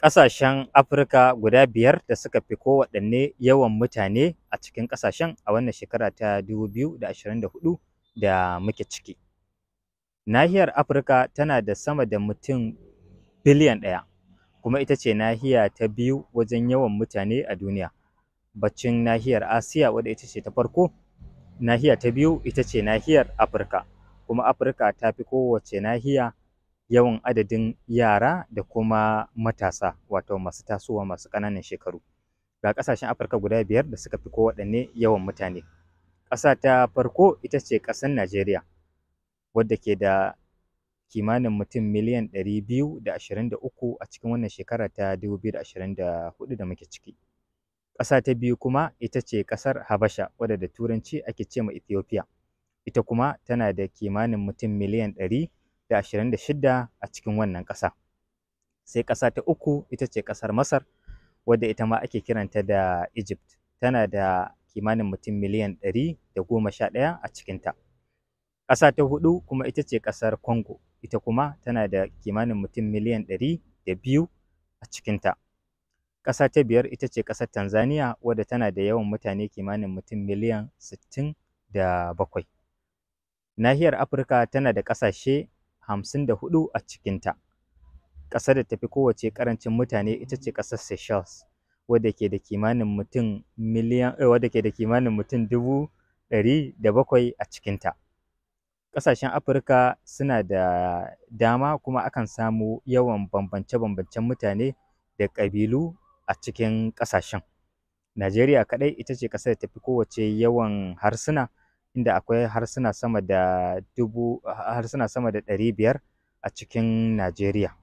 ƙasashen Afirka guda biyar da suka fi kowaɗanne yawan mutane a cikin ƙasashen a wannan shekara ta 2024 da muke ciki. Nahiyar Afirka tana da sama da mutum biliyan ɗaya, kuma ita ce nahiya ta biyu wajen yawan mutane a duniya. Baccin nahiyar Asiya wadda ita ce ta farko, nahiya ta biyu ita ce nahiyar Afirka, kuma Afirka ta fi kowace nahiya yawan adadin yara da kuma matasa wato masu tasowa masu ƙananan shekaru ga ƙasashen afirka guda biyar da suka fi ko kowaɗanne yawan mutane ƙasa ta farko ita ce ƙasan najeriya wadda ke da kimanin mutum miliyan ɗari biyu da ashirin da uku a cikin wannan shekara ta dubu da muke ciki ƙasa ta biyu kuma ita ce ƙasar habasha wadda da turanci ake ce ma ethiopia ita kuma tana da kimanin mutum miliyan ɗari da ashirin da shida a cikin wannan ƙasa sai ƙasa ta uku ita ce ƙasar masar wadda ita ma ake kiranta da egypt tana da kimanin mutum miliyan ɗari da goma sha ɗaya a cikinta ƙasa ta hudu kuma ita ce ƙasar congo ita kuma tana da kimanin mutum miliyan ɗari da biyu a cikinta ƙasa ta biyar ita ce ƙasar tanzania wadda tana da yawan mutane kimanin mutum miliyan sittin da bakwai nahiyar afirka tana da ƙasashe hamsin da hudu a cikinta. Ƙasar da tafi kowace ƙarancin mutane ita ce ƙasar Seychelles, wadda ke da kimanin mutum miliyan eh, wadda ke da kimanin mutum dubu ɗari da bakwai a cikinta. Ƙasashen Afirka suna da dama kuma akan samu yawan bambance-bambancen mutane da ƙabilu a cikin ƙasashen. Najeriya kaɗai ita ce ƙasar da tafi kowace yawan harsuna inda akwai harsuna sama da dubu harsuna sama da ɗari biyar a cikin Najeriya.